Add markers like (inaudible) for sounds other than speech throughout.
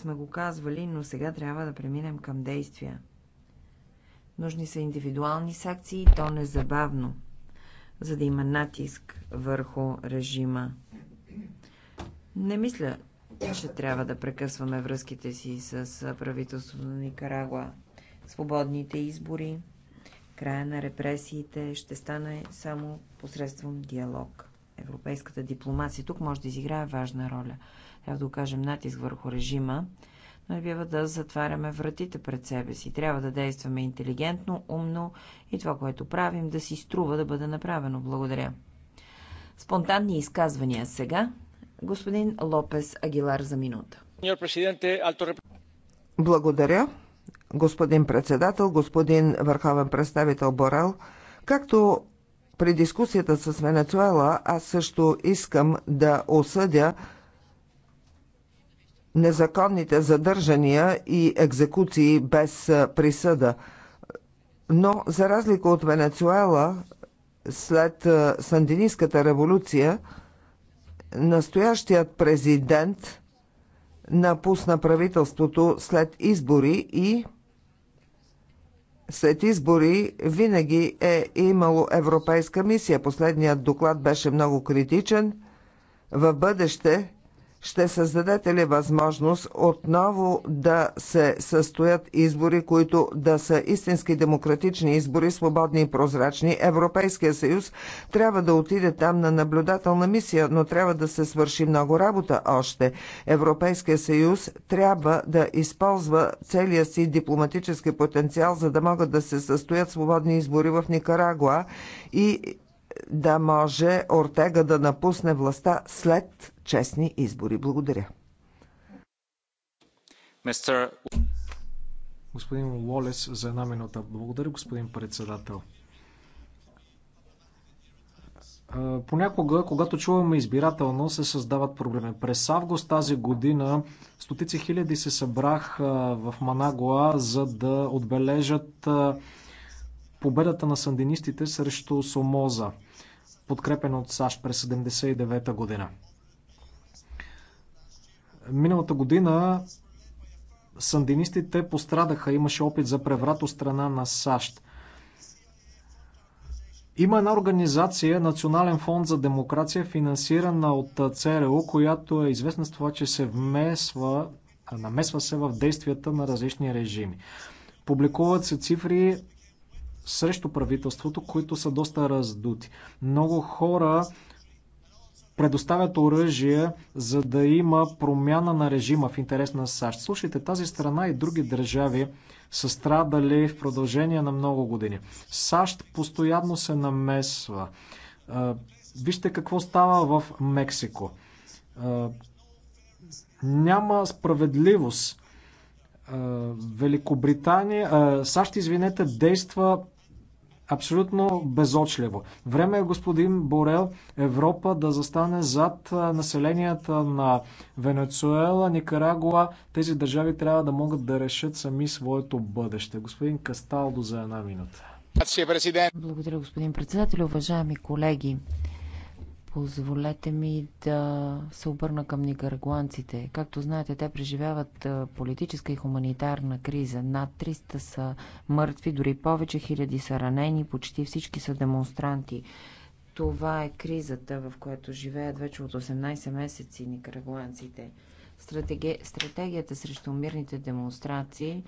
сме го казвали, но сега трябва да преминем към действия. Нужни са индивидуални секции, то незабавно, за да има натиск върху режима. Не мисля, че трябва да прекъсваме връзките си с правителството на Никарагуа. Свободните избори, края на репресиите ще стане само посредством диалог. Европейската дипломация тук може да изиграе важна роля как да окажем натиск върху режима, но не бива да затваряме вратите пред себе си. Трябва да действаме интелигентно, умно и това, което правим, да си струва да бъде направено. Благодаря. Спонтанни изказвания сега. Господин Лопес Агилар за минута. Благодаря, господин председател, господин върховен представител Борел. Както при дискусията с Венецуела, аз също искам да осъдя незаконните задържания и екзекуции без присъда. Но, за разлика от Венецуела, след сандинистската революция, настоящият президент напусна правителството след избори и след избори винаги е имало европейска мисия. Последният доклад беше много критичен. В бъдеще ще създадете ли възможност отново да се състоят избори, които да са истински демократични избори, свободни и прозрачни? Европейския съюз трябва да отиде там на наблюдателна мисия, но трябва да се свърши много работа още. Европейския съюз трябва да използва целия си дипломатически потенциал, за да могат да се състоят свободни избори в Никарагуа и да може Ортега да напусне властта след честни избори. Благодаря. Мистер... Господин Лолес, за една минута. Благодаря, господин председател. Понякога, когато чуваме избирателно, се създават проблеми. През август тази година стотици хиляди се събрах в Манагуа, за да отбележат победата на сандинистите срещу Сомоза, подкрепена от САЩ през 1979 година. Миналата година сандинистите пострадаха, имаше опит за преврат от страна на САЩ. Има една организация, Национален фонд за демокрация, финансирана от ЦРУ, е която е известна с това, че се вмесва, намесва се в действията на различни режими. Публикуват се цифри срещу правителството, които са доста раздути. Много хора предоставят оръжие, за да има промяна на режима в интерес на САЩ. Слушайте, тази страна и други държави са страдали в продължение на много години. САЩ постоянно се намесва. Вижте какво става в Мексико. Няма справедливост. Великобритания, САЩ, извинете, действа абсолютно безочлево. Време е, господин Борел, Европа да застане зад населенията на Венецуела, Никарагуа. Тези държави трябва да могат да решат сами своето бъдеще. Господин Касталдо за една минута. Благодаря, господин председател. Уважаеми колеги, Позволете ми да се обърна към никарагуанците. Както знаете, те преживяват политическа и хуманитарна криза. Над 300 са мъртви, дори повече хиляди са ранени, почти всички са демонстранти. Това е кризата, в която живеят вече от 18 месеци никарагуанците. Стратеги... Стратегията срещу мирните демонстрации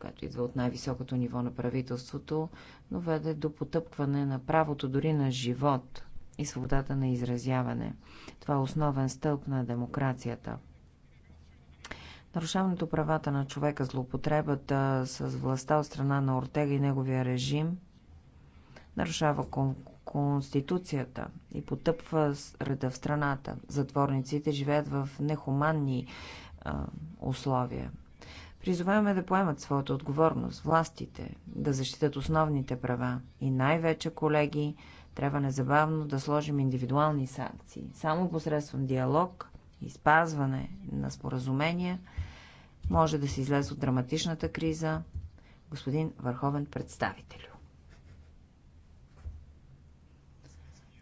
която идва от най-високото ниво на правителството, но веде до потъпкване на правото дори на живот и свободата на изразяване. Това е основен стълб на демокрацията. Нарушаването правата на човека, злоупотребата с властта от страна на Ортега и неговия режим нарушава Конституцията и потъпва реда в страната. Затворниците живеят в нехуманни а, условия. Призоваваме да поемат своята отговорност, властите, да защитат основните права и най-вече, колеги, трябва незабавно да сложим индивидуални санкции. Само посредством диалог и спазване на споразумения може да се излезе от драматичната криза, господин Върховен представител.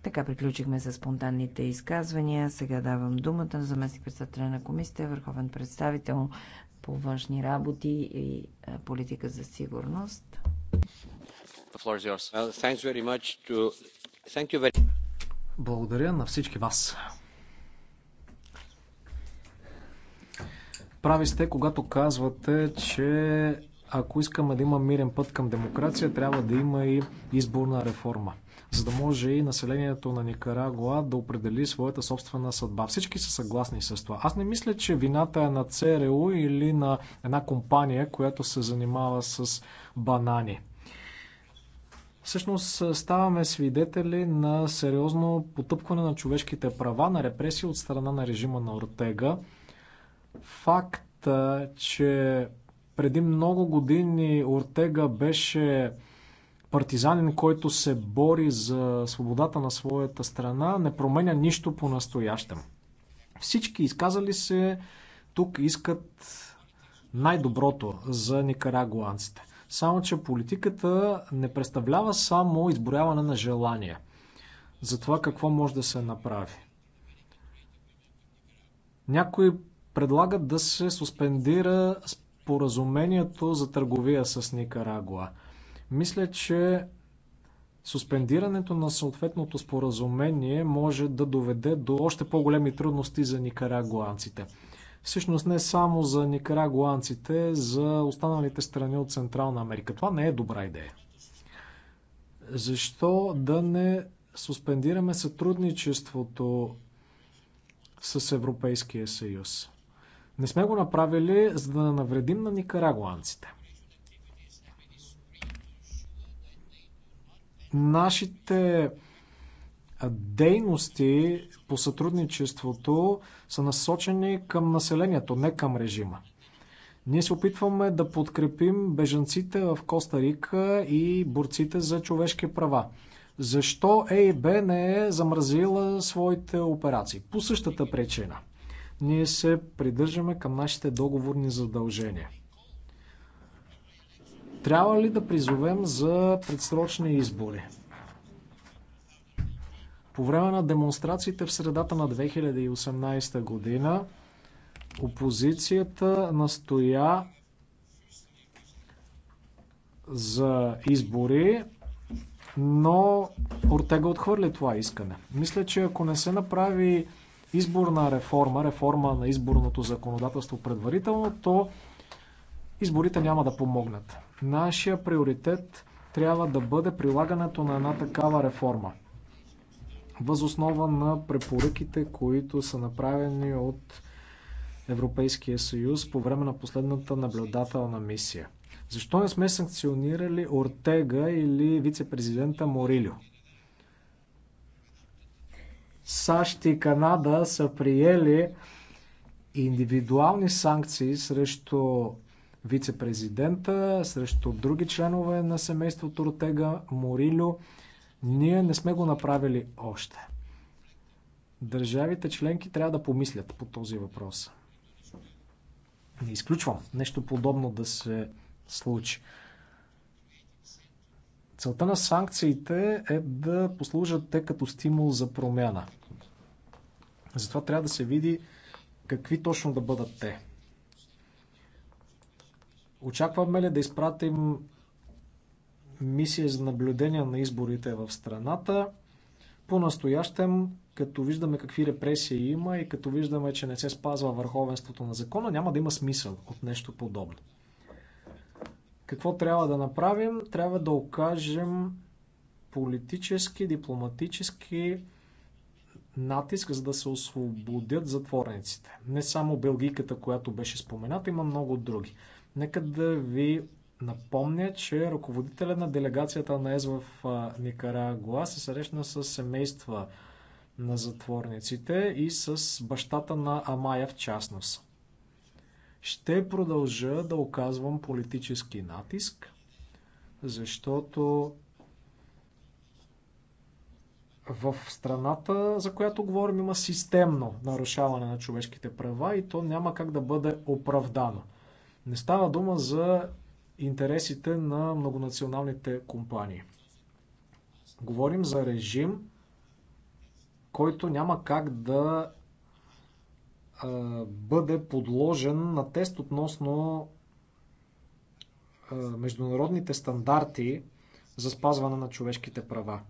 Така приключихме с спонтанните изказвания. Сега давам думата на заместник председателя на комисията, върховен представител по външни работи и е, политика за сигурност. Благодаря на всички вас. Прави сте, когато казвате, че ако искаме да има мирен път към демокрация, трябва да има и изборна реформа, за да може и населението на Никарагуа да определи своята собствена съдба. Всички са съгласни с това. Аз не мисля, че вината е на ЦРУ или на една компания, която се занимава с банани. Всъщност е, ставаме свидетели на сериозно потъпкване на човешките права, на репресии от страна на режима на Ортега. Факт, е, че преди много години Ортега беше партизанин, който се бори за свободата на своята страна, не променя нищо по-настоящем. Всички изказали се тук искат най-доброто за никарагуанците. Само, че политиката не представлява само изброяване на желания за това какво може да се направи. Някои предлагат да се суспендира споразумението за търговия с Никарагуа. Мисля, че суспендирането на съответното споразумение може да доведе до още по-големи трудности за никарагуанците всъщност не само за никарагуанците, за останалите страни от Централна Америка. Това не е добра идея. Защо да не суспендираме сътрудничеството с Европейския съюз? Не сме го направили, за да навредим на никарагуанците. Нашите дейности по сътрудничеството са насочени към населението, не към режима. Ние се опитваме да подкрепим бежанците в Коста Рика и борците за човешки права. Защо ЕИБ не е замразила своите операции? По същата причина. Ние се придържаме към нашите договорни задължения. Трябва ли да призовем за предсрочни избори? По време на демонстрациите в средата на 2018 година опозицията настоя за избори, но Ортега отхвърли това искане. Мисля, че ако не се направи изборна реформа, реформа на изборното законодателство предварително, то изборите няма да помогнат. Нашия приоритет трябва да бъде прилагането на една такава реформа възоснова на препоръките, които са направени от Европейския съюз по време на последната наблюдателна мисия. Защо не сме санкционирали Ортега или вице-президента Морилио? САЩ и Канада са приели индивидуални санкции срещу вице-президента, срещу други членове на семейството Ортега, Морилио ние не сме го направили още. Държавите членки трябва да помислят по този въпрос. Не изключвам нещо подобно да се случи. Целта на санкциите е да послужат те като стимул за промяна. Затова трябва да се види какви точно да бъдат те. Очакваме ли да изпратим мисия за наблюдение на изборите в страната. По-настоящем, като виждаме какви репресии има и като виждаме, че не се спазва върховенството на закона, няма да има смисъл от нещо подобно. Какво трябва да направим? Трябва да окажем политически, дипломатически натиск, за да се освободят затворниците. Не само Белгийката, която беше спомената, има много други. Нека да ви напомня, че ръководителя на делегацията на ЕС в Никарагуа се срещна с семейства на затворниците и с бащата на Амая в частност. Ще продължа да оказвам политически натиск, защото в страната, за която говорим, има системно нарушаване на човешките права и то няма как да бъде оправдано. Не става дума за интересите на многонационалните компании. Говорим за режим, който няма как да бъде подложен на тест относно международните стандарти за спазване на човешките права.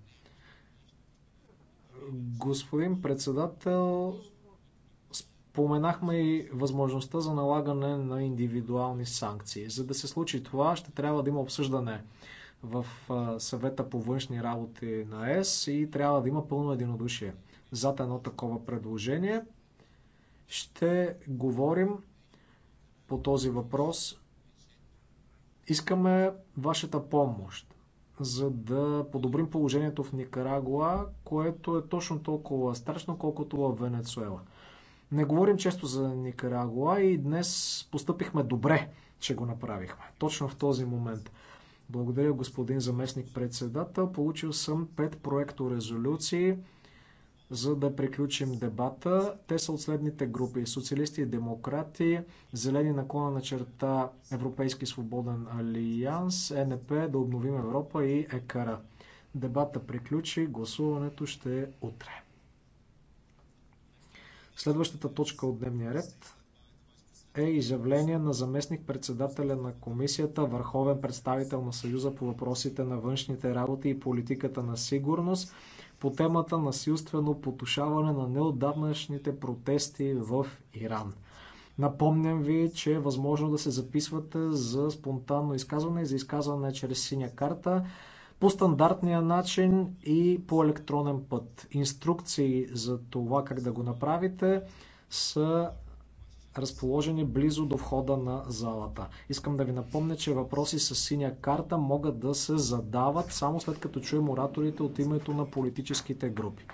Господин председател, Споменахме и възможността за налагане на индивидуални санкции. За да се случи това, ще трябва да има обсъждане в съвета по външни работи на ЕС и трябва да има пълно единодушие. Зад едно такова предложение ще говорим по този въпрос. Искаме вашата помощ, за да подобрим положението в Никарагуа, което е точно толкова страшно, колкото в Венецуела. Не говорим често за Никарагуа и днес постъпихме добре, че го направихме. Точно в този момент. Благодаря, господин заместник председател. Получил съм пет проекто резолюции, за да приключим дебата. Те са от следните групи. Социалисти и демократи, Зелени наклона на черта, Европейски свободен алианс, е НП, Да обновим Европа и ЕКАРА. Дебата приключи, гласуването ще е утре. Следващата точка от дневния ред е изявление на заместник председателя на комисията, върховен представител на Съюза по въпросите на външните работи и политиката на сигурност по темата насилствено потушаване на неотдавнашните протести в Иран. Напомням ви, че е възможно да се записвате за спонтанно изказване и за изказване чрез синя карта по стандартния начин и по електронен път. Инструкции за това как да го направите са разположени близо до входа на залата. Искам да ви напомня, че въпроси с синя карта могат да се задават само след като чуем ораторите от името на политическите групи.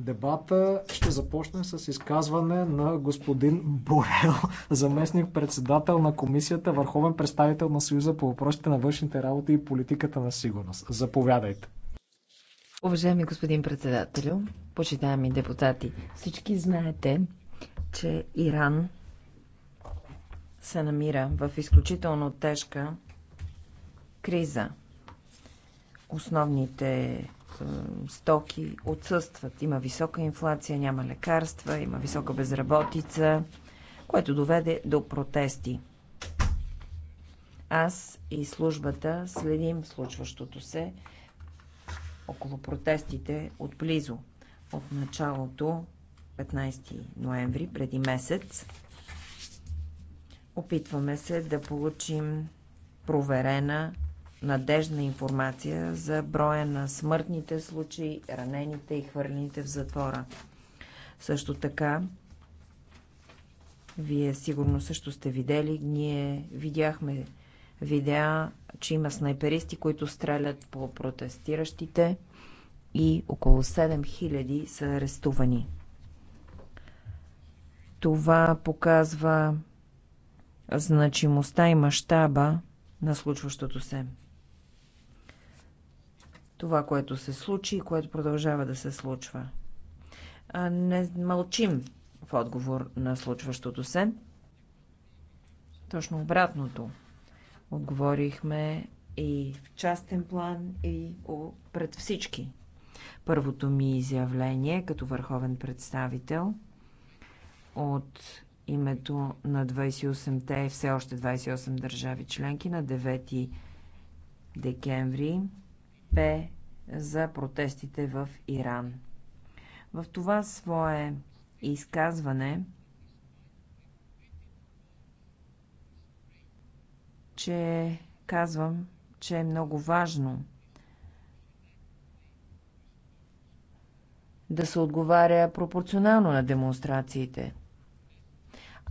Дебата ще започне с изказване на господин Борел, (laughs) заместник председател на комисията, върховен представител на Съюза по въпросите на външните работи и политиката на сигурност. Заповядайте. Уважаеми господин председателю, почитаеми депутати, всички знаете, че Иран се намира в изключително тежка криза. Основните е, стоки отсъстват. Има висока инфлация, няма лекарства, има висока безработица, което доведе до протести. Аз и службата следим случващото се около протестите отблизо. От началото, 15 ноември, преди месец, опитваме се да получим проверена надежна информация за броя на смъртните случаи, ранените и хвърлените в затвора. Също така, вие сигурно също сте видели, ние видяхме видеа, че има снайперисти, които стрелят по протестиращите и около 7000 са арестувани. Това показва значимостта и мащаба на случващото се това, което се случи и което продължава да се случва. А не мълчим в отговор на случващото се. Точно обратното. Отговорихме и в частен план, и пред всички. Първото ми изявление като върховен представител от името на 28-те, е все още 28 държави членки на 9 декември Пе за протестите в Иран. В това свое изказване че казвам, че е много важно да се отговаря пропорционално на демонстрациите.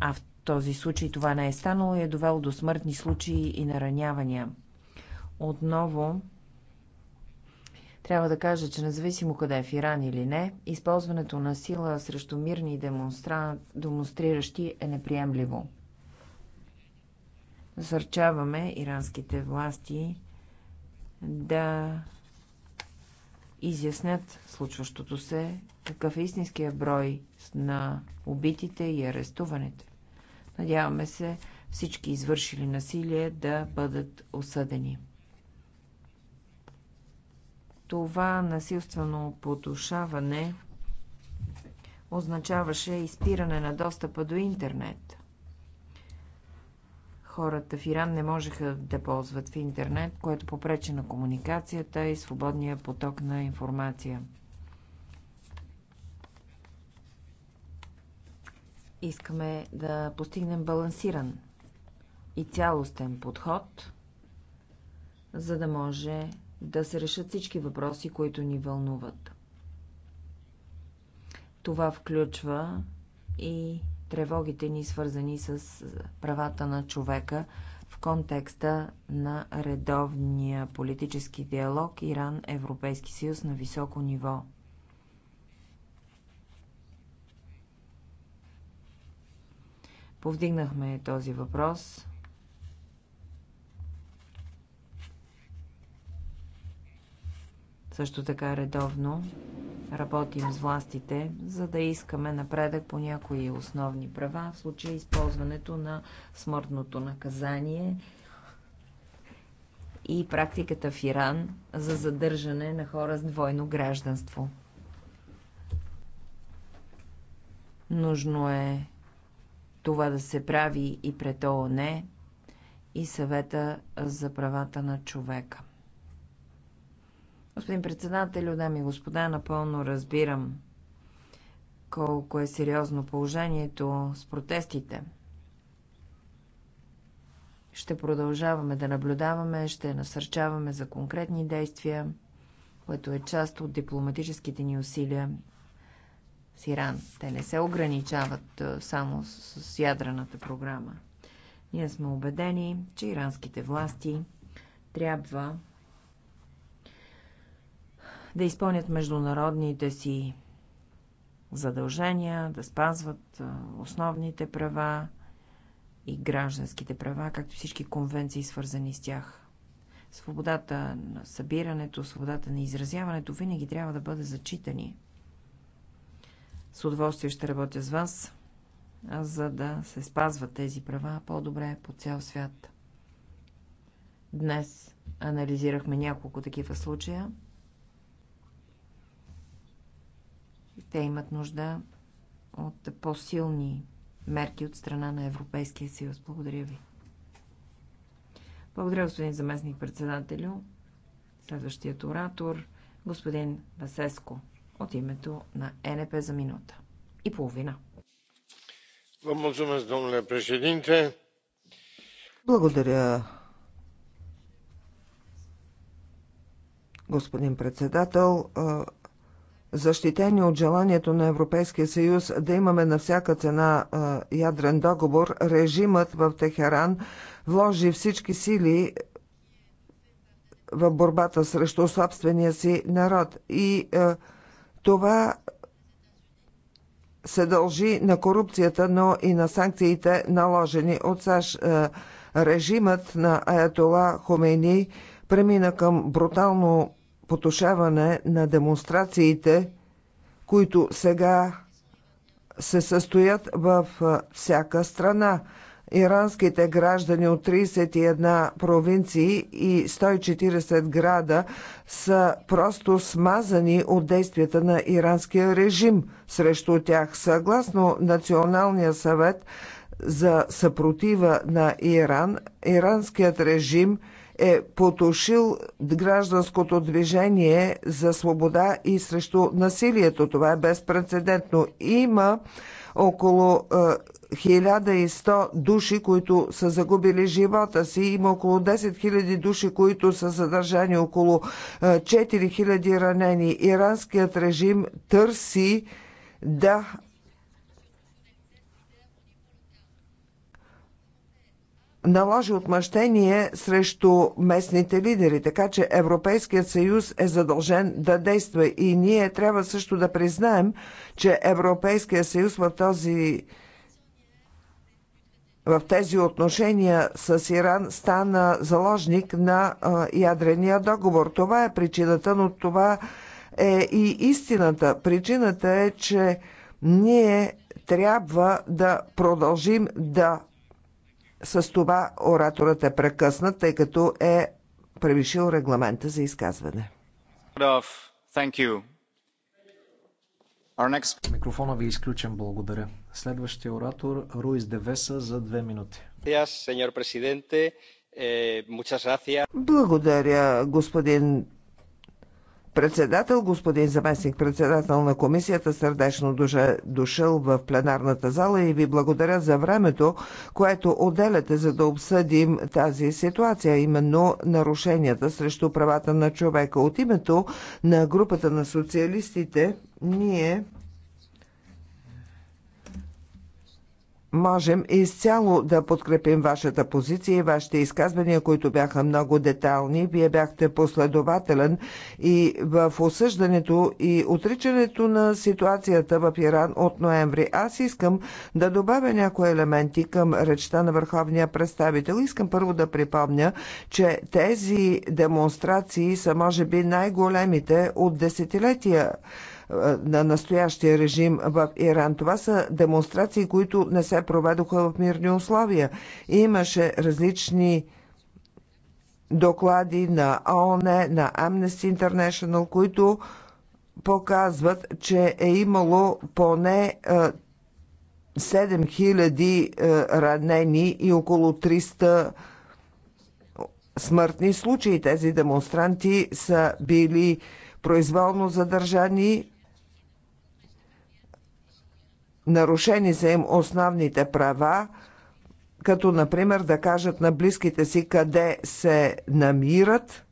А в този случай това не е станало и е довело до смъртни случаи и наранявания. Отново трябва да кажа, че независимо къде е в Иран или не, използването на сила срещу мирни демонстра... демонстриращи е неприемливо. Насърчаваме иранските власти да изяснят случващото се, какъв е истинския брой на убитите и арестуваните. Надяваме се всички извършили насилие да бъдат осъдени. Това насилствено потушаване означаваше изпиране на достъпа до интернет. Хората в Иран не можеха да ползват в интернет, което попречи на комуникацията и свободния поток на информация. Искаме да постигнем балансиран и цялостен подход, за да може да се решат всички въпроси, които ни вълнуват. Това включва и тревогите ни, свързани с правата на човека в контекста на редовния политически диалог Иран-Европейски съюз на високо ниво. Повдигнахме този въпрос Също така редовно работим с властите, за да искаме напредък по някои основни права, в случая използването на смъртното наказание и практиката в Иран за задържане на хора с двойно гражданство. Нужно е това да се прави и пред ООН и съвета за правата на човека. Господин председател, дами и господа, напълно разбирам колко е сериозно положението с протестите. Ще продължаваме да наблюдаваме, ще насърчаваме за конкретни действия, което е част от дипломатическите ни усилия с Иран. Те не се ограничават само с ядрената програма. Ние сме убедени, че иранските власти трябва да изпълнят международните си задължения, да спазват основните права и гражданските права, както всички конвенции, свързани с тях. Свободата на събирането, свободата на изразяването винаги трябва да бъде зачитани. С удоволствие ще работя с вас, за да се спазват тези права по-добре по цял свят. Днес анализирахме няколко такива случая – Те имат нужда от по-силни мерки от страна на Европейския съюз. Благодаря ви. Благодаря, господин заместник председателю. Следващият оратор, господин Васеско, от името на е НП за минута и половина. Благодаря, господин председател защитени от желанието на Европейския съюз да имаме на всяка цена ядрен договор, режимът в Техеран вложи всички сили в борбата срещу собствения си народ. И е, това се дължи на корупцията, но и на санкциите, наложени от САЩ. Е, режимът на Аятола Хомейни премина към брутално потушаване на демонстрациите, които сега се състоят в всяка страна. Иранските граждани от 31 провинции и 140 града са просто смазани от действията на иранския режим срещу тях. Съгласно Националния съвет за съпротива на Иран, иранският режим – е потушил гражданското движение за свобода и срещу насилието. Това е безпредседентно. Има около 1100 е, души, които са загубили живота си. Има около 10 000 души, които са задържани, около 4000 е, ранени. Иранският режим търси да наложи отмъщение срещу местните лидери, така че Европейският съюз е задължен да действа и ние трябва също да признаем, че Европейският съюз в този в тези отношения с Иран стана заложник на ядрения договор. Това е причината, но това е и истината. Причината е, че ние трябва да продължим да с това ораторът е прекъснат, тъй като е превишил регламента за изказване. Микрофона ви е изключен, благодаря. Следващия оратор Руис Девеса за две минути. Eh, благодаря, господин председател, господин заместник председател на комисията, сърдечно дошъл в пленарната зала и ви благодаря за времето, което отделяте за да обсъдим тази ситуация, именно нарушенията срещу правата на човека. От името на групата на социалистите ние можем изцяло да подкрепим вашата позиция и вашите изказвания, които бяха много детални. Вие бяхте последователен и в осъждането и отричането на ситуацията в Иран от ноември. Аз искам да добавя някои елементи към речта на върховния представител. Искам първо да припомня, че тези демонстрации са може би най-големите от десетилетия е, на настоящия режим в Иран. Това са демонстрации, които не се проведоха в мирни условия. Имаше различни доклади на ООН, на Amnesty International, които показват, че е имало поне 7000 е, е, ранени и около 300 смъртни случаи. Тези демонстранти са били произволно задържани нарушени са им основните права, като например да кажат на близките си къде се намират.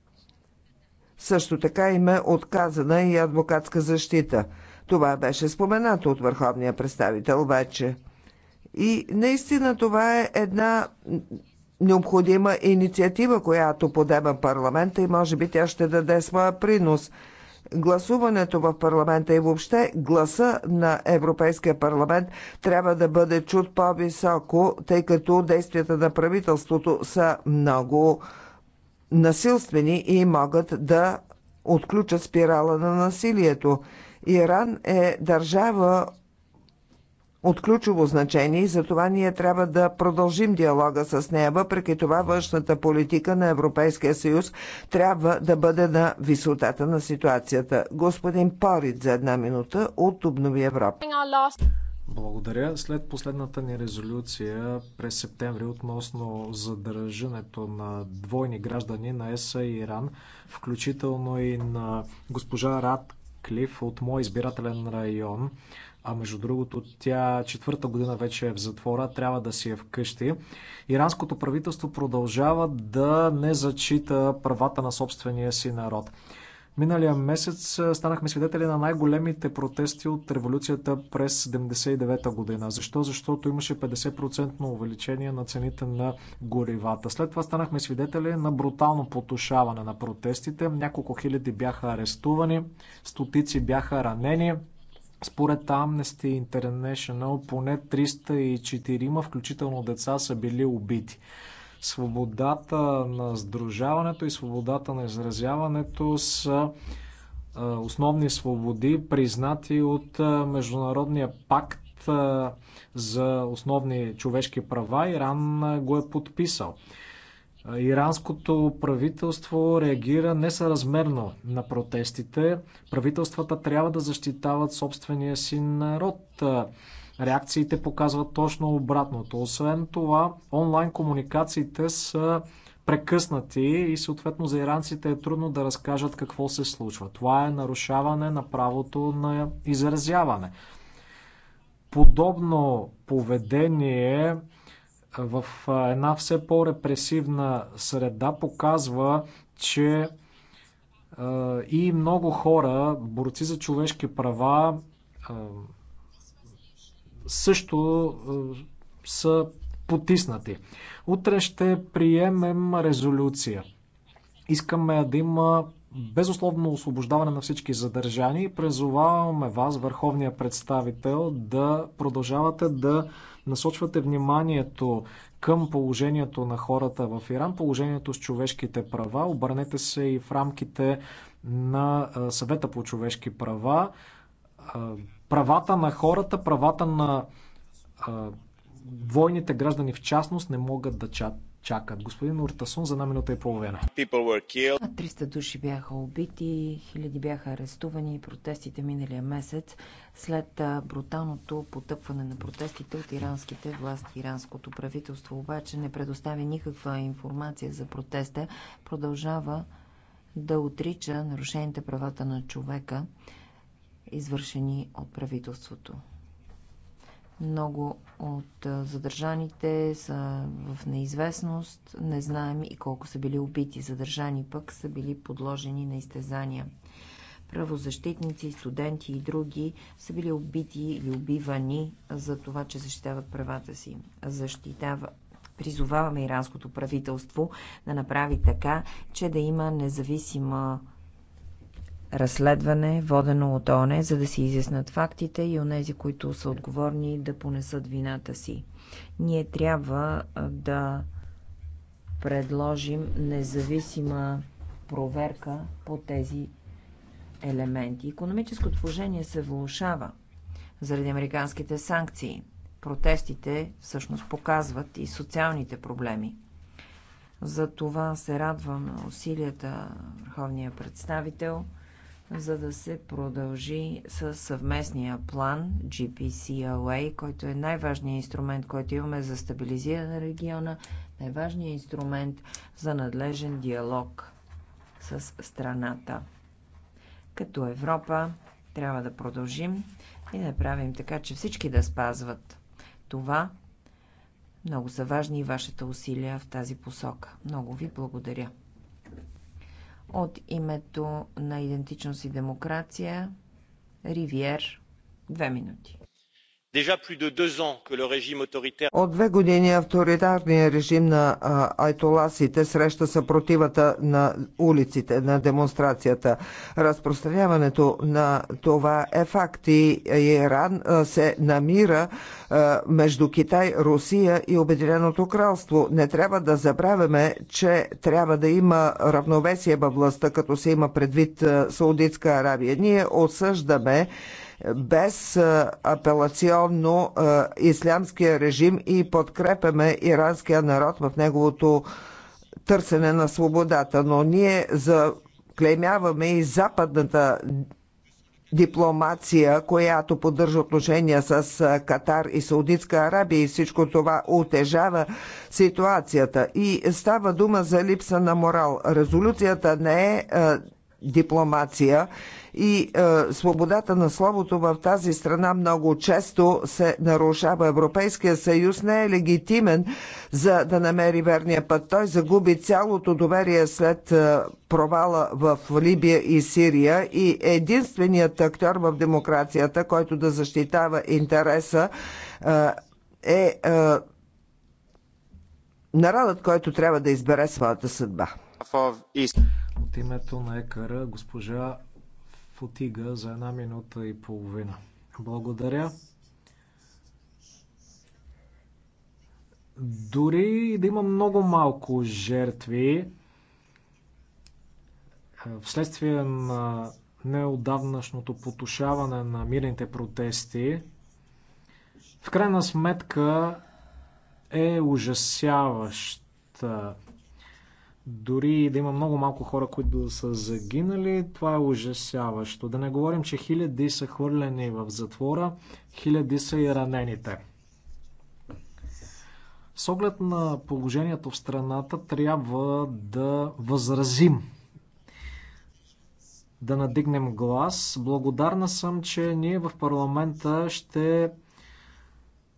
Също така им е отказана и адвокатска защита. Това беше споменато от върховния представител вече. И наистина това е една необходима инициатива, която подема парламента и може би тя ще даде своя принос – гласуването в парламента и въобще гласа на Европейския парламент трябва да бъде чут по-високо, тъй като действията на правителството са много насилствени и могат да отключат спирала на насилието. Иран е държава от ключово значение и затова ние трябва да продължим диалога с нея. Въпреки това, външната политика на Европейския съюз трябва да бъде на висотата на ситуацията. Господин Порит за една минута от Обнови Европа. Благодаря. След последната ни резолюция през септември относно задържането на двойни граждани на ЕСА и Иран, включително и на госпожа Рад Клиф от мой избирателен район, а между другото тя четвърта година вече е в затвора, трябва да си е вкъщи. Иранското правителство продължава да не зачита правата на собствения си народ. Миналия месец станахме свидетели на най-големите протести от революцията през 79-та година. Защо? Защото имаше 50% увеличение на цените на горивата. След това станахме свидетели на брутално потушаване на протестите. Няколко хиляди бяха арестувани, стотици бяха ранени. Според Amnesty International поне 304, включително деца, са били убити. Свободата на сдружаването и свободата на изразяването са е, основни свободи, признати от е, Международния пакт е, за основни човешки права. Иран го е подписал. Иранското правителство реагира несъразмерно на протестите. Правителствата трябва да защитават собствения си народ. Реакциите показват точно обратното. Освен това, онлайн комуникациите са прекъснати и съответно за иранците е трудно да разкажат какво се случва. Това е нарушаване на правото на изразяване. Подобно поведение в една все по-репресивна среда показва, че и много хора, борци за човешки права, също са потиснати. Утре ще приемем резолюция. Искаме да има безусловно освобождаване на всички задържани и призоваваме вас, върховния представител, да продължавате да насочвате вниманието към положението на хората в Иран, положението с човешките права. Обърнете се и в рамките на съвета по човешки права. Правата на хората, правата на войните граждани в частност не могат да чат чакат. Господин Ортасон за една минута и половина. 300 души бяха убити, хиляди бяха арестувани и протестите миналия месец след бруталното потъпване на протестите от иранските власти. Иранското правителство обаче не предоставя никаква информация за протеста, продължава да отрича нарушените правата на човека, извършени от правителството. Много от задържаните са в неизвестност, не знаем и колко са били убити. Задържани пък са били подложени на изтезания. Правозащитници, студенти и други са били убити или убивани за това, че защитават правата си. Защитава, призоваваме иранското правителство да направи така, че да има независима разследване, водено от ОНЕ, за да се изяснат фактите и онези, които са отговорни да понесат вината си. Ние трябва да предложим независима проверка по тези елементи. Економическото положение се влушава заради американските санкции. Протестите всъщност показват и социалните проблеми. За това се радвам на усилията Върховния представител – за да се продължи с съвместния план GPCLA, който е най-важният инструмент, който имаме за стабилизиране на региона, най-важният инструмент за надлежен диалог с страната. Като Европа трябва да продължим и да правим така, че всички да спазват това. Много са важни и вашите усилия в тази посока. Много ви благодаря от името на идентичност и демокрация Ривиер. Две минути. От две години авторитарният режим на айтоласите среща съпротивата на улиците, на демонстрацията. Разпространяването на това е факт и Иран се намира между Китай, Русия и Обединеното кралство. Не трябва да забравяме, че трябва да има равновесие във властта, като се има предвид Саудитска Арабия. Ние осъждаме без апелационно ислямския режим и подкрепяме иранския народ в неговото търсене на свободата. Но ние заклеймяваме и западната дипломация, която поддържа отношения с Катар и Саудитска Арабия и всичко това утежава ситуацията. И става дума за липса на морал. Резолюцията не е дипломация и е, свободата на словото в тази страна много често се нарушава. Европейския съюз не е легитимен за да намери верния път. Той загуби цялото доверие след е, провала в Либия и Сирия и единственият актьор в демокрацията, който да защитава интереса е, е, е народът, който трябва да избере своята съдба. От името на екара госпожа Фотига за една минута и половина. Благодаря. Дори да има много малко жертви, вследствие на неодавнашното потушаване на мирните протести, в крайна сметка е ужасяваща дори да има много малко хора, които да са загинали, това е ужасяващо. Да не говорим, че хиляди са хвърлени в затвора, хиляди са и ранените. С оглед на положението в страната трябва да възразим, да надигнем глас. Благодарна съм, че ние в парламента ще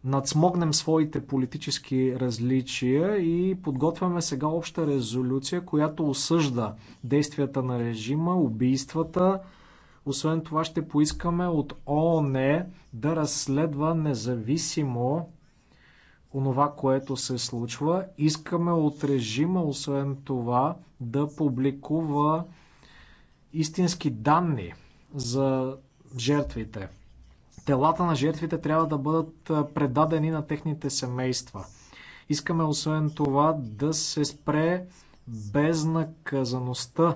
надсмогнем своите политически различия и подготвяме сега обща резолюция, която осъжда действията на режима, убийствата. Освен това ще поискаме от ООН да разследва независимо онова, което се случва. Искаме от режима, освен това, да публикува истински данни за жертвите. Телата на жертвите трябва да бъдат предадени на техните семейства. Искаме освен това да се спре безнаказаността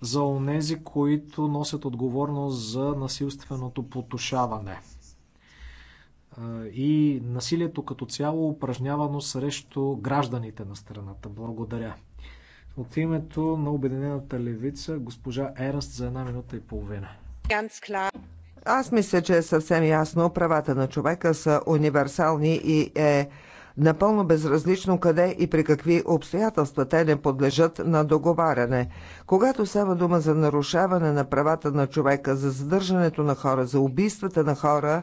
за онези, които носят отговорност за насилственото потушаване. И насилието като цяло упражнявано срещу гражданите на страната. Благодаря. От името на Обединената левица, госпожа Ераст за една минута и половина. Аз мисля, че е съвсем ясно, правата на човека са универсални и е напълно безразлично къде и при какви обстоятелства те не подлежат на договаряне. Когато става дума за нарушаване на правата на човека, за задържането на хора, за убийствата на хора,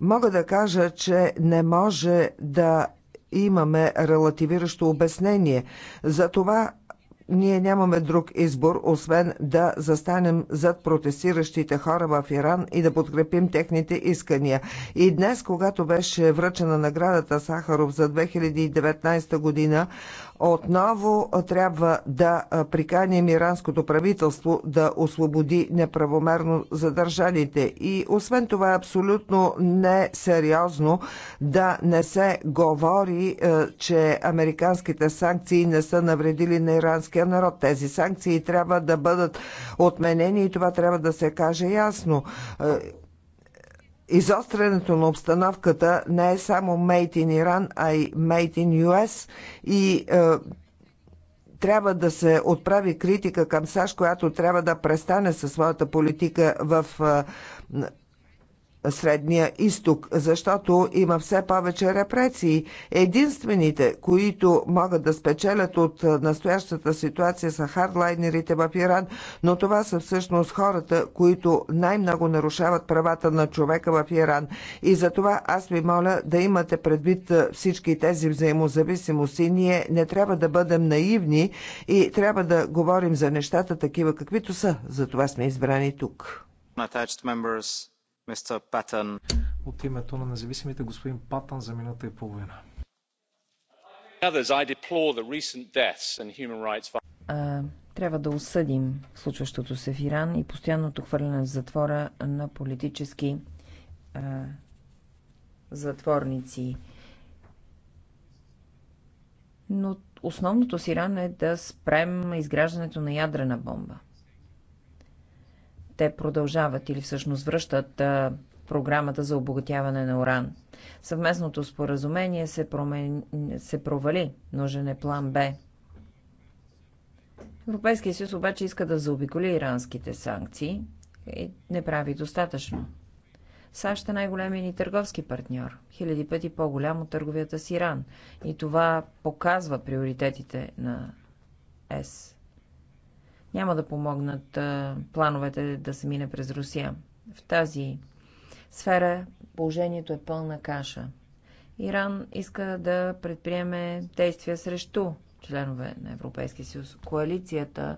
мога да кажа, че не може да имаме релативиращо обяснение. За това ние нямаме друг избор, освен да застанем зад протестиращите хора в Иран и да подкрепим техните искания. И днес, когато беше връчена наградата Сахаров за 2019 година, отново трябва да приканим иранското правителство да освободи неправомерно задържаните. И освен това е абсолютно несериозно да не се говори, че американските санкции не са навредили на иранския народ. Тези санкции трябва да бъдат отменени и това трябва да се каже ясно изострянето на обстановката не е само Made in Iran, а и Made in US и е, трябва да се отправи критика към САЩ, която трябва да престане със своята политика в е, Средния изток, защото има все повече репресии. Единствените, които могат да спечелят от настоящата ситуация са хардлайнерите в Иран, но това са всъщност хората, които най-много нарушават правата на човека в Иран. И за това аз ви моля да имате предвид всички тези взаимозависимости. Ние не трябва да бъдем наивни и трябва да говорим за нещата такива каквито са. За това сме избрани тук. Мистер От името на независимите господин Патън за минута и половина. трябва да осъдим случващото се в Иран и постоянното хвърляне в затвора на политически а, затворници. Но основното с Иран е да спрем изграждането на ядрена бомба. Те продължават или всъщност връщат програмата за обогатяване на уран. Съвместното споразумение се, промен... се провали. Нужен е план Б. Европейския съюз обаче иска да заобиколи иранските санкции и не прави достатъчно. САЩ е най-големият ни търговски партньор, хиляди пъти по-голям от търговията с Иран. И това показва приоритетите на ЕС няма да помогнат плановете да се мине през Русия. В тази сфера положението е пълна каша. Иран иска да предприеме действия срещу членове на Европейския съюз. Коалицията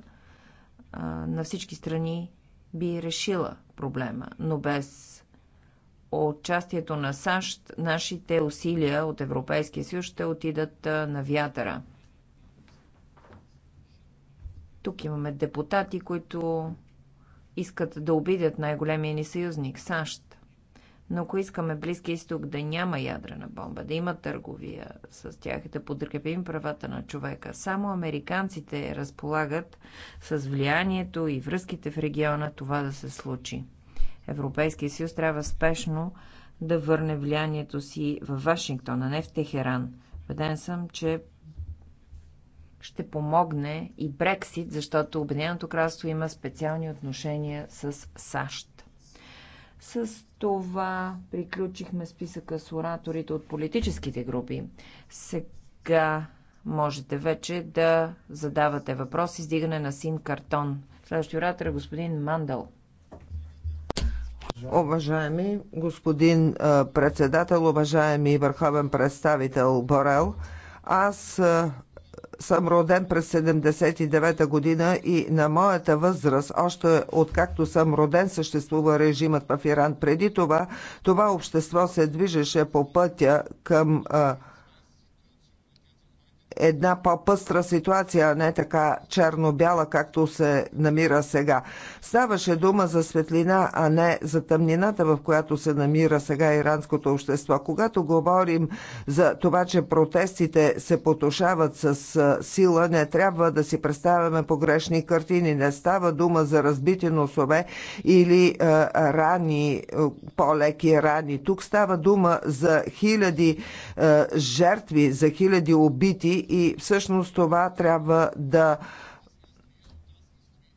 а, на всички страни би решила проблема, но без участието на САЩ нашите усилия от Европейския съюз ще отидат на вятъра. Тук имаме депутати, които искат да обидят най-големия ни съюзник САЩ. Но ако искаме Близки изток да няма ядрена бомба, да има търговия с тях, да подкрепим правата на човека, само американците разполагат с влиянието и връзките в региона това да се случи. Европейския съюз трябва спешно да върне влиянието си във Вашингтон, а не в Техеран. Веден съм, че ще помогне и Брексит, защото Обединеното кралство има специални отношения с САЩ. С това приключихме списъка с ораторите от политическите групи. Сега можете вече да задавате въпроси издигане на син картон. Следващия оратор е господин Мандал. Уважаеми господин председател, уважаеми върховен представител Борел, аз съм роден през 79-та година и на моята възраст, още откакто съм роден, съществува режимът в Иран. Преди това, това общество се движеше по пътя към а, една по-пъстра ситуация, а не така черно-бяла, както се намира сега. Ставаше дума за светлина, а не за тъмнината, в която се намира сега иранското общество. Когато говорим за това, че протестите се потушават с сила, не трябва да си представяме погрешни картини. Не става дума за разбити носове или е, рани, по-леки рани. Тук става дума за хиляди е, жертви, за хиляди убити и всъщност това трябва да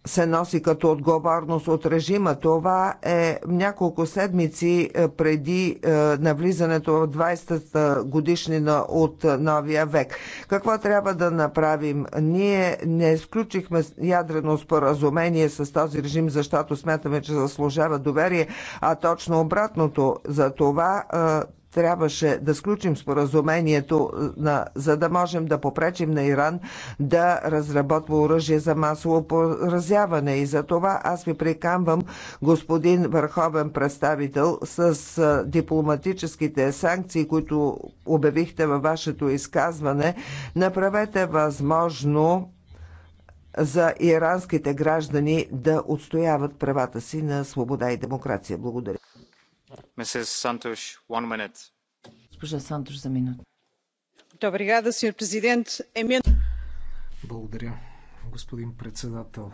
се носи като отговорност от режима. Това е няколко седмици е, преди е, навлизането в 20-та годишнина от е, новия век. Какво трябва да направим? Ние не изключихме ядрено споразумение с този режим, защото смятаме, че заслужава доверие, а точно обратното. За това трябваше да сключим споразумението, е, на, за да можем да попречим на Иран да разработва оръжие за масово поразяване. И за това аз ви приканвам, господин върховен представител, с е, дипломатическите санкции, които обявихте във вашето изказване, направете възможно е, за иранските граждани да отстояват правата си на свобода и демокрация. Благодаря за Благодаря, господин председател.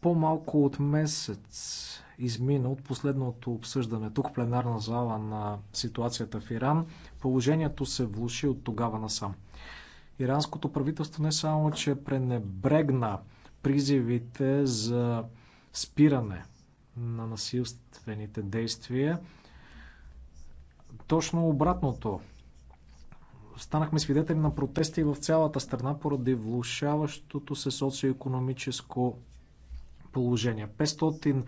По-малко от месец измина от последното обсъждане тук в пленарна зала на ситуацията в Иран. Положението се влуши от тогава насам. Иранското правителство не само, че пренебрегна призивите за спиране на насилствените действия. Точно обратното. Станахме свидетели на протести в цялата страна поради влушаващото се социоекономическо положение. 500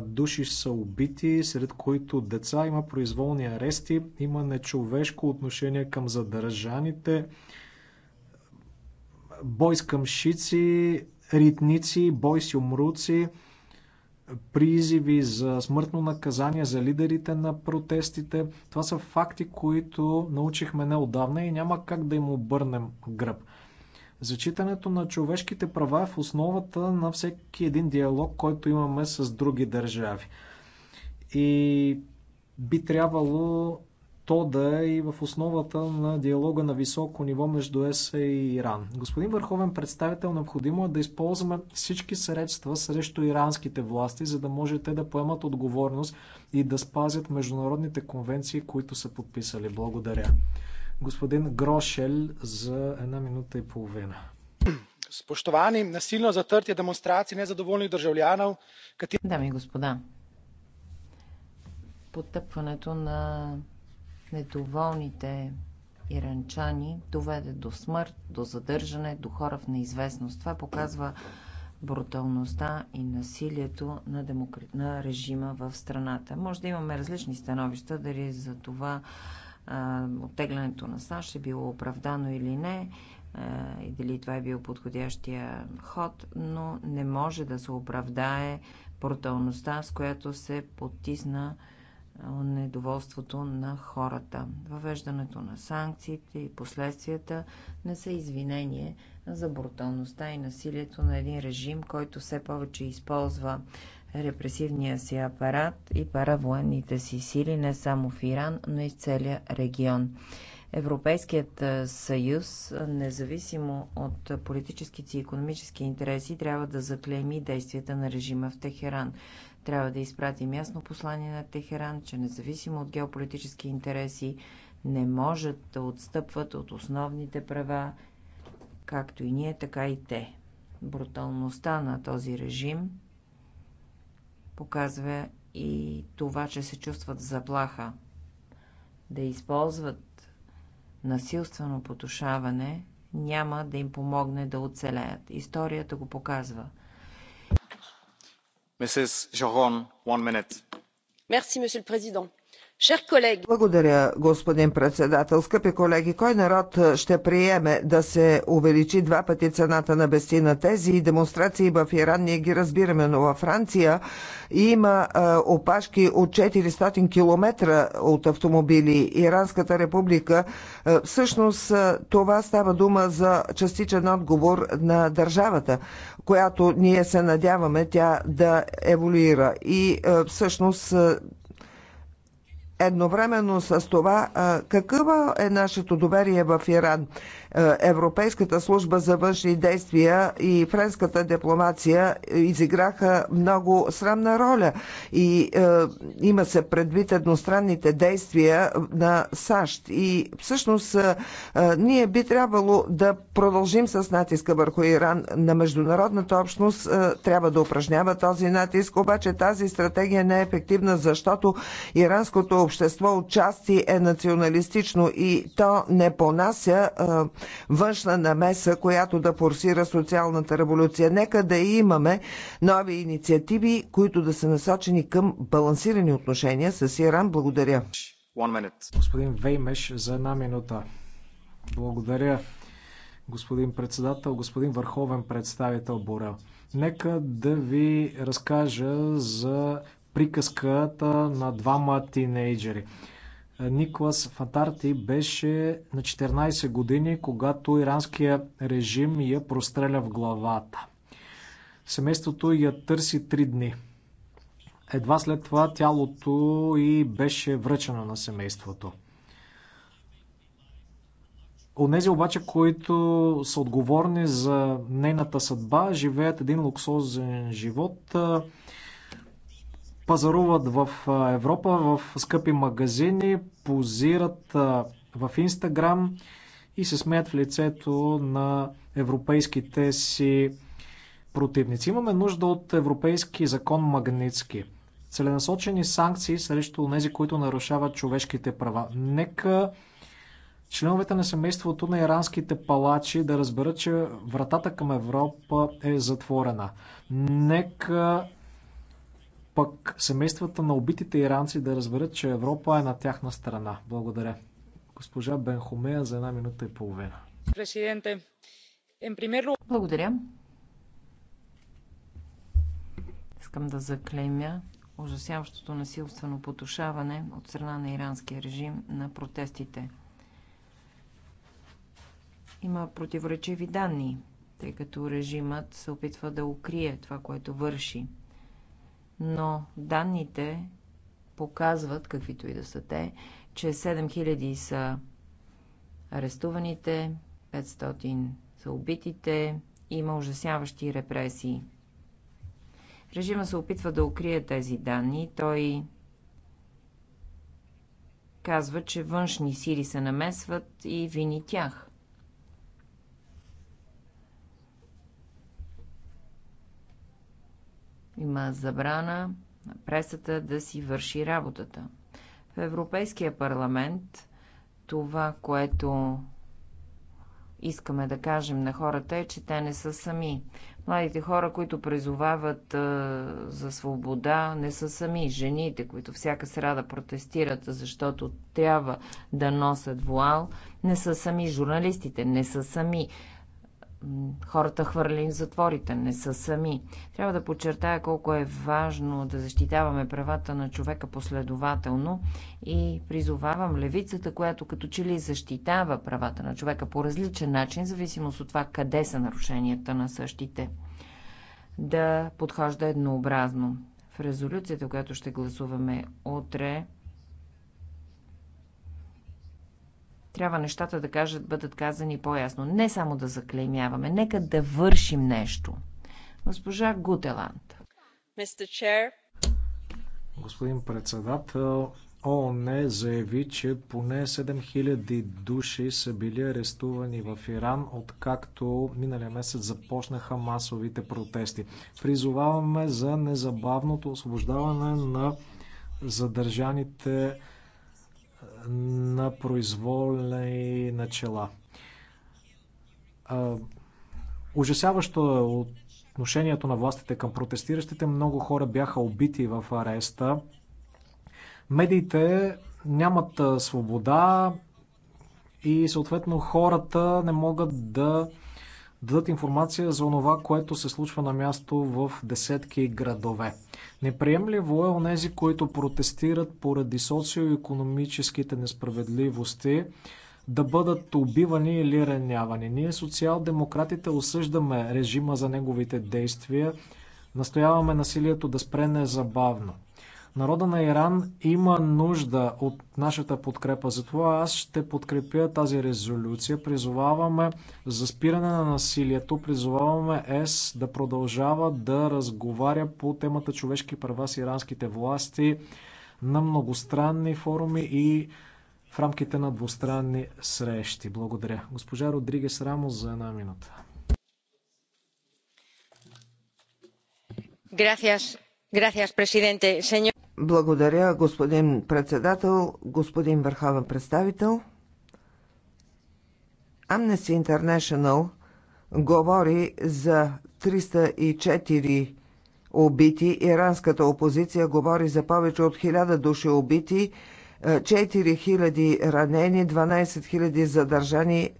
души са убити, сред които деца, има произволни арести, има нечовешко отношение към задържаните, бой с камшици, ритници, бой с умруци, призиви за смъртно наказание за лидерите на протестите. Това са факти, които научихме неодавна и няма как да им обърнем гръб. Зачитането на човешките права е в основата на всеки един диалог, който имаме с други държави. И би трябвало то да е и в основата на диалога на високо ниво между ЕС и Иран. Господин Върховен представител, необходимо е да използваме всички средства срещу иранските власти, за да може те да поемат отговорност и да спазят международните конвенции, които са подписали. Благодаря. Господин Грошел за една минута и половина. Спoštovani, насилно затърти демонстрации незадоволних държавляна. Дами и господа, потъпването на недоволните иранчани доведе до смърт, до задържане, до хора в неизвестност. Това показва бруталността и насилието на, демокр... на режима в страната. Може да имаме различни становища, дали за това а, оттеглянето на САЩ е било оправдано или не, а, и дали това е бил подходящия ход, но не може да се оправдае бруталността, с която се потисна а, недоволството на хората. Въвеждането на санкциите и последствията не са извинение за бруталността и насилието на един режим, който все повече използва репресивния си апарат и паравоенните си сили не само в Иран, но и в целия регион. Европейският съюз, независимо от политическите и економически интереси, трябва да заклейми действията на режима в Техеран. Трябва да изпратим ясно послание на Техеран, че независимо от геополитически интереси, не можат да отстъпват от основните права, както и ние, така и те. Бруталността на този режим показва и това, че се чувстват заплаха. Да използват насилствено потушаване няма да им помогне да оцелеят. Историята го показва – monsieur le président благодаря, господин председател. Скъпи колеги, кой народ ще приеме да се увеличи два пъти цената на бестина? Тези демонстрации в Иран ние ги разбираме, но във Франция има опашки от 400 км от автомобили. Иранската република, всъщност това става дума за частичен отговор на държавата, която ние се надяваме тя да еволюира. И всъщност едновременно с това, какъва е нашето доверие в Иран? Европейската служба за външни действия и френската дипломация изиграха много срамна роля и е, има се предвид едностранните действия на САЩ. И всъщност е, ние би трябвало да продължим с натиска върху Иран. На международната общност е, трябва да упражнява този натиск, обаче тази стратегия не е ефективна, защото иранското общество общество отчасти е националистично и то не понася а, външна намеса, която да форсира социалната революция. Нека да имаме нови инициативи, които да са насочени към балансирани отношения с Иран. Благодаря. Господин Веймеш, за една минута. Благодаря, господин председател, господин върховен представител Борел. Нека да ви разкажа за приказката на двама тинейджери. Никлас Фатарти беше на 14 години, когато иранския режим я простреля в главата. Семейството я търси три дни. Едва след това тялото и беше връчено на семейството. Онези обаче, които са отговорни за нейната съдба, живеят един луксозен живот пазаруват в Европа, в скъпи магазини, позират в Инстаграм и се смеят в лицето на европейските си противници. Имаме нужда от европейски закон Магнитски. Целенасочени санкции срещу тези, които нарушават човешките права. Нека членовете на семейството на иранските палачи да разберат, че вратата към Европа е затворена. Нека пък семействата на убитите иранци да разберат, че Европа е на тяхна страна. Благодаря. Госпожа Бенхомея за една минута и половина. Благодаря. Искам да заклеймя ужасяващото насилствено потушаване от страна на иранския режим на протестите. Има противоречиви данни, тъй като режимът се опитва да укрие това, което върши – но данните показват, каквито и да са те, че 7000 са арестуваните, 500 са убитите, има ужасяващи репресии. Режима се опитва да укрие тези данни. Той казва, че външни сили се намесват и вини тях. Има забрана на пресата да си върши работата. В Европейския парламент това, което искаме да кажем на хората е, че те не са сами. Младите хора, които призовават а, за свобода, не са сами. Жените, които всяка сряда протестират, защото трябва да носят вуал, не са сами. Журналистите не са сами хората хвърлени в затворите, не са сами. Трябва да подчертая колко е важно да защитаваме правата на човека последователно и призовавам левицата, която като че ли защитава правата на човека по различен начин, зависимост от това къде са нарушенията на същите, да подхожда еднообразно. В резолюцията, която ще гласуваме утре, Трябва нещата да кажат, бъдат казани по-ясно. Не само да заклеймяваме, нека да вършим нещо. Госпожа Гутеланд. Господин председател, ООН заяви, че поне 7000 души са били арестувани в Иран, откакто миналия месец започнаха масовите протести. Призоваваме за незабавното освобождаване на задържаните на произволни начала. Ужасяващо е отношението на властите към протестиращите. Много хора бяха убити в ареста. Медиите нямат свобода и съответно хората не могат да дадат информация за това, което се случва на място в десетки градове. Неприемливо е онези, които протестират поради социо-економическите несправедливости, да бъдат убивани или ранявани. Ние социал-демократите осъждаме режима за неговите действия, настояваме насилието да спре незабавно. Народа на Иран има нужда от нашата подкрепа. Затова аз ще подкрепя тази резолюция. Призоваваме за спиране на насилието. Призоваваме ЕС да продължава да разговаря по темата човешки права с иранските власти на многостранни форуми и в рамките на двустранни срещи. Благодаря. Госпожа Родригес Рамос за една минута. Gracias, gracias, presidente. Señor благодаря, господин председател, господин върховен представител. Amnesty International говори за 304 убити, иранската опозиция говори за повече от 1000 души убити, 4000 ранени, 12 000 задържани,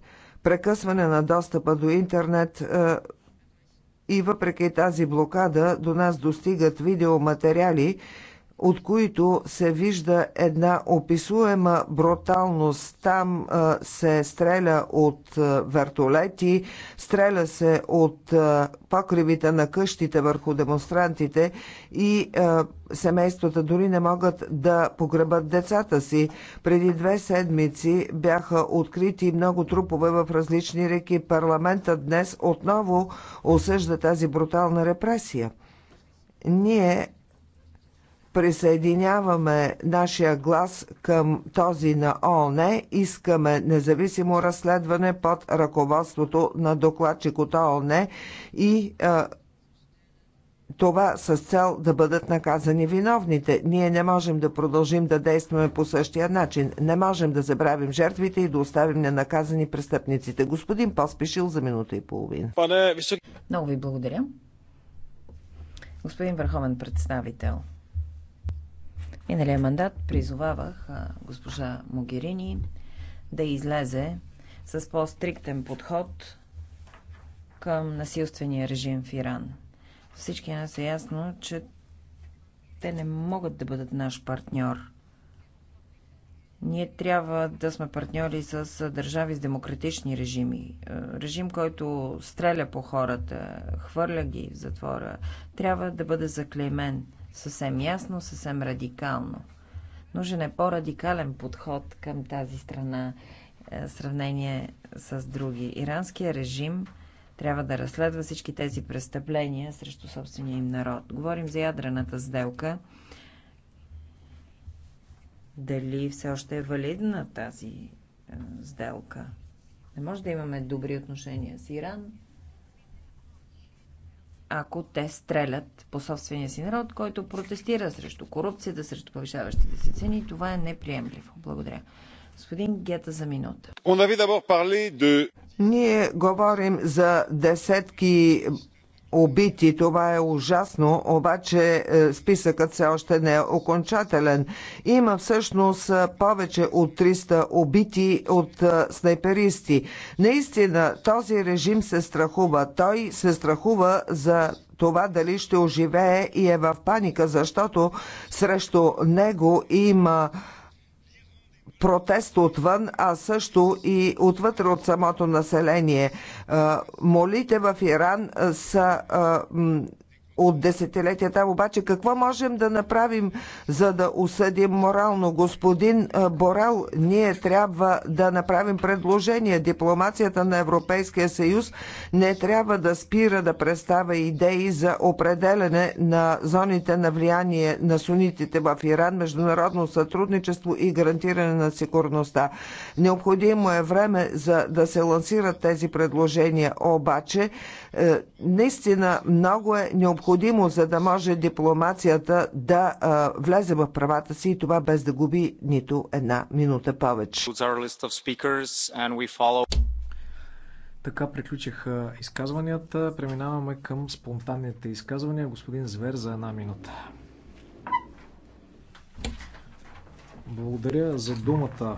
прекъсване на достъпа до интернет е, и въпреки тази блокада до нас достигат видеоматериали, от които се вижда една описуема бруталност. Там а, се стреля от а, вертолети, стреля се от а, покривите на къщите върху демонстрантите и а, семействата дори не могат да погребат децата си. Преди две седмици бяха открити много трупове в различни реки. Парламентът днес отново осъжда тази брутална репресия. Ние присъединяваме нашия глас към този на ООН, искаме независимо разследване под ръководството на докладчик от ООН и а, това с цел да бъдат наказани виновните. Ние не можем да продължим да действаме по същия начин. Не можем да забравим жертвите и да оставим ненаказани престъпниците. Господин Поспешил за минута и половина. Много ви благодаря. Господин Върховен представител, Миналия мандат призовавах госпожа Могерини да излезе с по-стриктен подход към насилствения режим в Иран. Всички нас е ясно, че те не могат да бъдат наш партньор. Ние трябва да сме партньори с държави с демократични режими. Режим, който стреля по хората, хвърля ги в затвора, трябва да бъде заклеймен – съвсем ясно, съвсем радикално. Нужен е по-радикален подход към тази страна е, в сравнение с други. Иранския режим трябва да разследва всички тези престъпления срещу собствения им народ. Говорим за ядрената сделка. Дали все още е валидна тази е, сделка? Не може да имаме добри отношения с Иран, ако те стрелят по собствения си народ, който протестира срещу корупцията, срещу повишаващите се цени. Това е неприемливо. Благодаря. Господин Гета за минута. Ние говорим за десетки убити. Това е ужасно, обаче е, списъкът все още не е окончателен. Има всъщност е, повече от 300 убити от е, снайперисти. Наистина, този режим се страхува. Той се страхува за това дали ще оживее и е в паника, защото срещу него има протест отвън, а също и отвътре от самото население. Е, молите в Иран са е, от десетилетия там. Обаче какво можем да направим, за да осъдим морално? Господин Борел, ние трябва да направим предложение. Дипломацията на Европейския съюз не трябва да спира да представя идеи за определене на зоните на влияние на сунитите в Иран, международно сътрудничество и гарантиране на сигурността. Необходимо е време за да се лансират тези предложения. Обаче, е, наистина много е необходимо, за да може дипломацията да е, влезе в правата си и това без да губи нито една минута повече. Така приключиха изказванията. Преминаваме към спонтанните изказвания. Господин Звер за една минута. Благодаря за думата,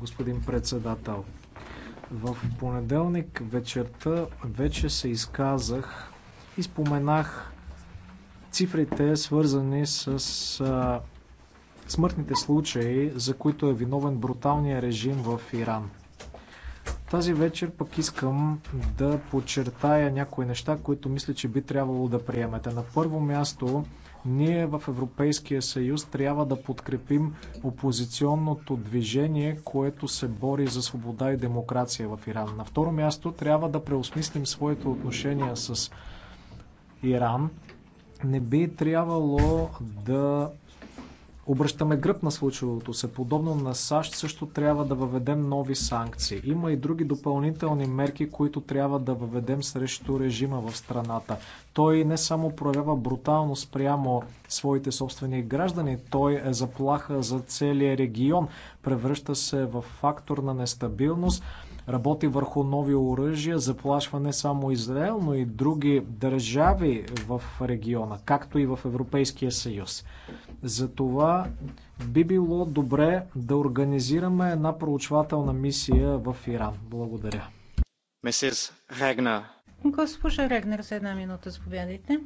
господин председател. В понеделник вечерта вече се изказах и споменах цифрите, свързани с смъртните случаи, за които е виновен бруталният режим в Иран. Тази вечер пък искам да подчертая някои неща, които мисля, че би трябвало да приемете. На първо място, ние в Европейския съюз трябва да подкрепим опозиционното движение, което се бори за свобода и демокрация в Иран. На второ място, трябва да преосмислим своите отношения с Иран. Не би трябвало да обръщаме гръб на случилото се. Подобно на САЩ също трябва да въведем нови санкции. Има и други допълнителни мерки, които трябва да въведем срещу режима в страната. Той не само проявява бруталност прямо своите собствени граждани, той е заплаха за целия регион, превръща се в фактор на нестабилност работи върху нови оръжия, заплашва не само Израел, но и други държави в региона, както и в Европейския съюз. Затова би било добре да организираме една проучвателна мисия в Иран. Благодаря. Госпожа Регнер, за една минута заповядайте.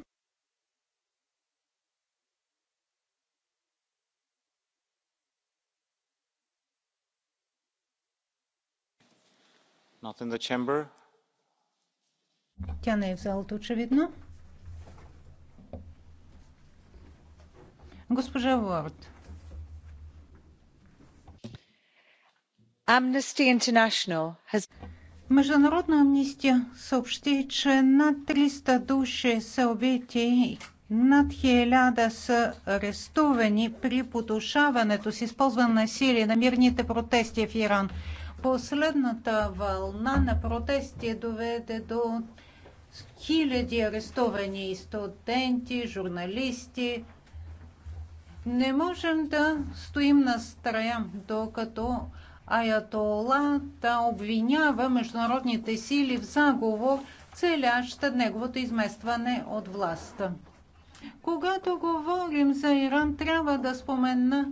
Not in the chamber. Тя не е в залата, очевидно. Госпожа Уорд. Amnesty International has... Международна амнистия съобщи, че над 300 души са убити над хиляда са арестувани при подушаването с използване на сили на мирните протести в Иран. Последната вълна на протести доведе до хиляди арестовани студенти, журналисти. Не можем да стоим на страя, докато Аятола да обвинява международните сили в заговор, целящ неговото изместване от властта. Когато говорим за Иран, трябва да спомена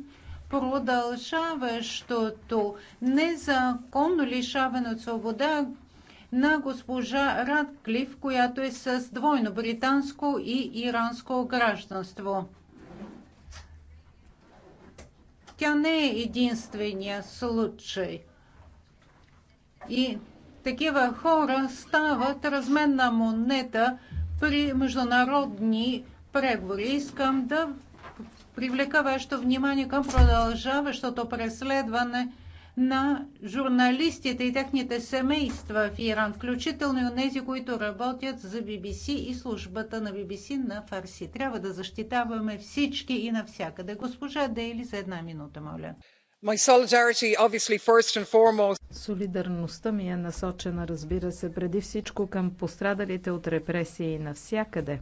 продължаващото незаконно лишаване от свобода на госпожа Радклиф, която е с двойно британско и иранско гражданство. Тя не е единствения случай. И такива хора стават разменна монета при международни преговори. Искам да привлека вашето внимание към продължаващото преследване на журналистите и техните семейства в Иран, включително и тези, които работят за BBC и службата на BBC на Фарси. Трябва да защитаваме всички и навсякъде. Госпожа Дейли, за една минута, моля. Солидарността ми е насочена, разбира се, преди всичко към пострадалите от репресии навсякъде.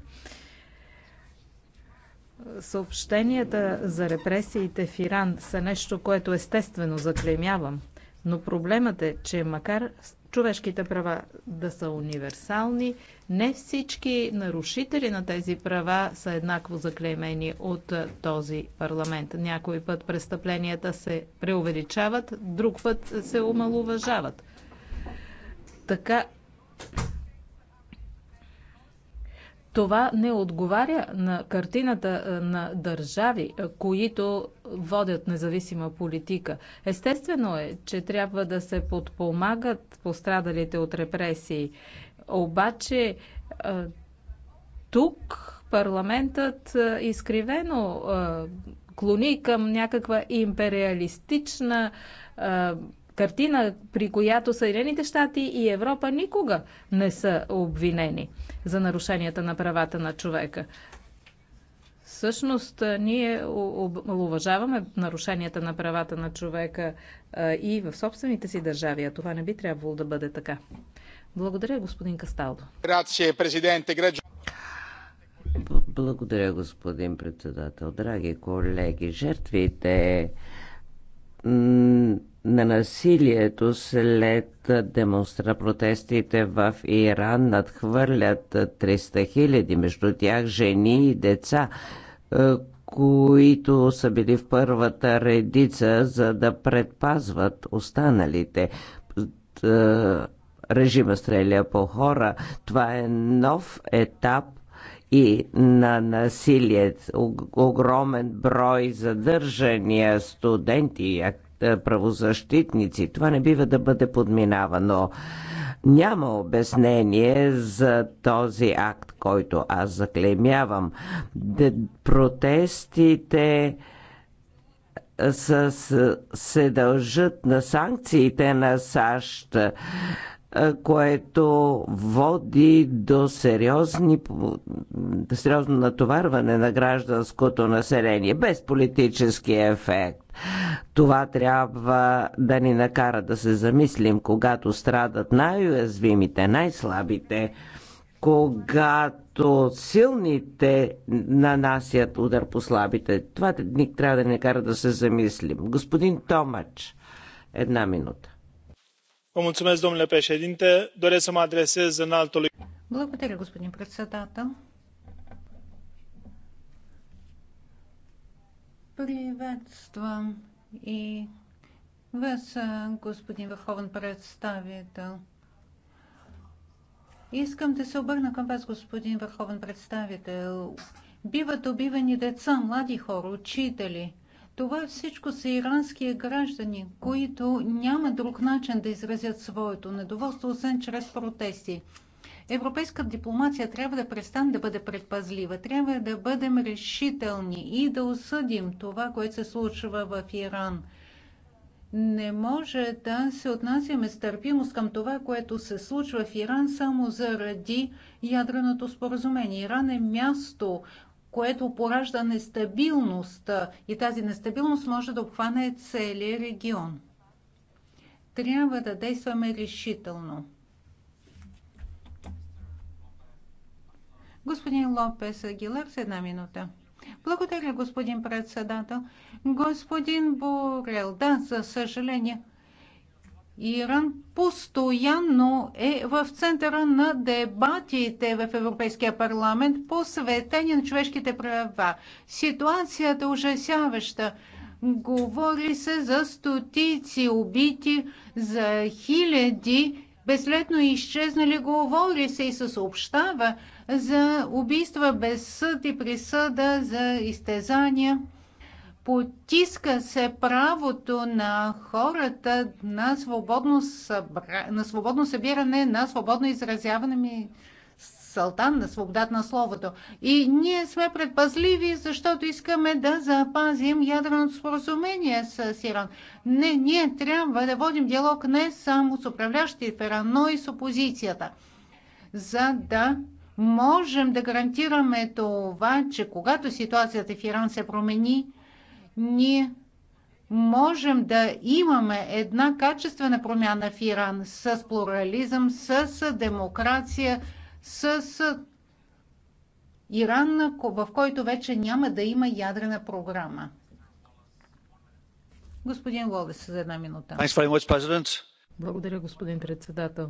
Съобщенията за репресиите в Иран са нещо, което естествено заклемявам. Но проблемът е, че макар човешките права да са универсални, не всички нарушители на тези права са еднакво заклеймени от този парламент. Някой път престъпленията се преувеличават, друг път се омалуважават. Така това не отговаря на картината е, на държави, е, които водят независима политика. Естествено е, че трябва да се подпомагат пострадалите от репресии. Обаче е, тук парламентът изкривено клони към някаква империалистична картина, при която Съединените щати и Европа никога не са обвинени за нарушенията на правата на човека. Всъщност, ние уважаваме нарушенията на правата на човека и в собствените си държави, а това не би трябвало да бъде така. Благодаря, господин Касталдо. Благодаря, господин председател. Драги колеги, жертвите на насилието след демонстра протестите в Иран надхвърлят 300 хиляди, между тях жени и деца, е, които са били в първата редица, за да предпазват останалите. Е, режима стреля по хора. Това е нов етап и на насилие. Огромен брой задържания студенти, е, правозащитници. Това не бива да бъде подминавано. Няма обяснение за този акт, който аз заклемявам. Протестите е, с, се дължат на санкциите на САЩ което води до сериозни, сериозно натоварване на гражданското население, без политически ефект. Това трябва да ни накара да се замислим, когато страдат най-уязвимите, най-слабите, когато силните нанасят удар по слабите. Това ни трябва да ни накара да се замислим. Господин Томач, една минута domnule președinte doresc să mă adresez înaltului Благодаря, и вас, господин представител. Искам да се обърна към вас, господин върховен представител. Биват убивани деца, млади хора, учители – това всичко са ирански граждани, които няма друг начин да изразят своето недоволство, освен чрез протести. Европейска дипломация трябва да престане да бъде предпазлива. Трябва да бъдем решителни и да осъдим това, което се случва в Иран. Не може да се отнасяме с търпимост към това, което се случва в Иран само заради ядреното споразумение. Иран е място, което поражда нестабилност и тази нестабилност може да обхване целия регион. Трябва да действаме решително. Господин Лопес Агилар, с една минута. Благодаря, господин председател. Господин Борел, да, за съжаление, Иран постоянно е в центъра на дебатите в Европейския парламент, светение на човешките права. Ситуацията е ужасяваща. Говори се за стотици убити, за хиляди безследно изчезнали. Говори се и се съобщава за убийства без съд и присъда, за изтезания – Потиска се правото на хората на свободно, събра... на свободно събиране, на свободно изразяване ми салтан на свободата на словото. И ние сме предпазливи, защото искаме да запазим ядреното споразумение с Иран. Не, ние трябва да водим диалог не само с управляващите в Иран, но и с опозицията, за да можем да гарантираме това, че когато ситуацията в Иран се промени, ние можем да имаме една качествена промяна в Иран с плурализъм, с демокрация, с Иран, в който вече няма да има ядрена програма. Господин Логас, за една минута. Благодаря, господин председател.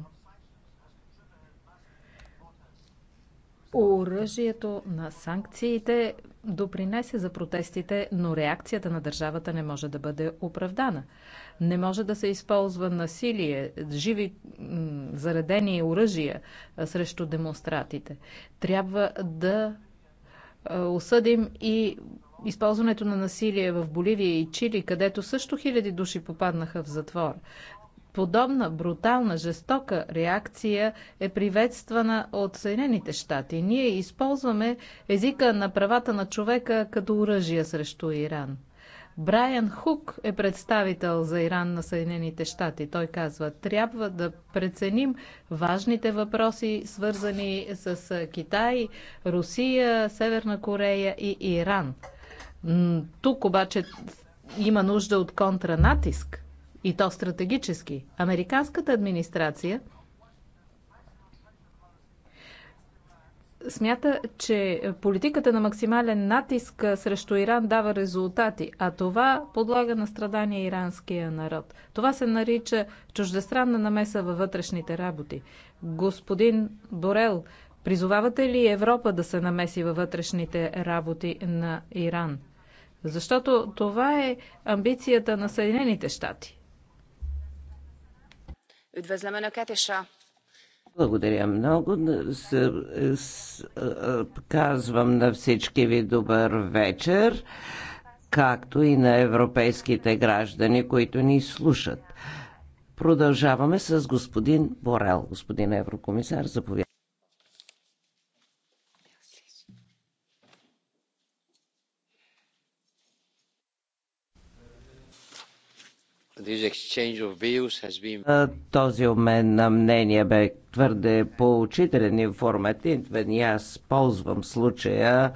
Оръжието на санкциите допринесе за протестите, но реакцията на държавата не може да бъде оправдана. Не може да се използва насилие, живи заредени оръжия срещу демонстратите. Трябва да осъдим и използването на насилие в Боливия и Чили, където също хиляди души попаднаха в затвор. Подобна брутална, жестока реакция е приветствана от Съединените щати. Ние използваме езика на правата на човека като оръжие срещу Иран. Брайан Хук е представител за Иран на Съединените щати. Той казва, трябва да преценим важните въпроси, свързани с Китай, Русия, Северна Корея и Иран. Тук обаче има нужда от контранатиск и то стратегически. Американската администрация смята, че политиката на максимален натиск срещу Иран дава резултати, а това подлага на страдание иранския народ. Това се нарича чуждестранна намеса във вътрешните работи. Господин Борел, призовавате ли Европа да се намеси във вътрешните работи на Иран? Защото това е амбицията на Съединените щати. Üdvözlöm Önöket, és a благодаря много. казвам на всички ви добър вечер, както и на европейските граждани, които ни слушат. Продължаваме с господин Борел. Господин еврокомисар, заповядайте. Е, този обмен на мнение бе твърде поучителен и информативен и аз ползвам случая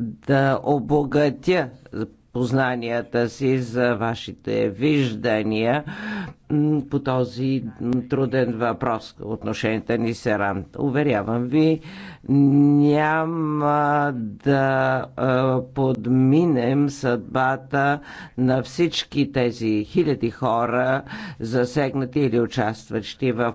да обогатя познанията си, за вашите виждания по този труден въпрос. Отношенията ни се ран. Уверявам ви, няма да подминем съдбата на всички тези хиляди хора, засегнати или участващи в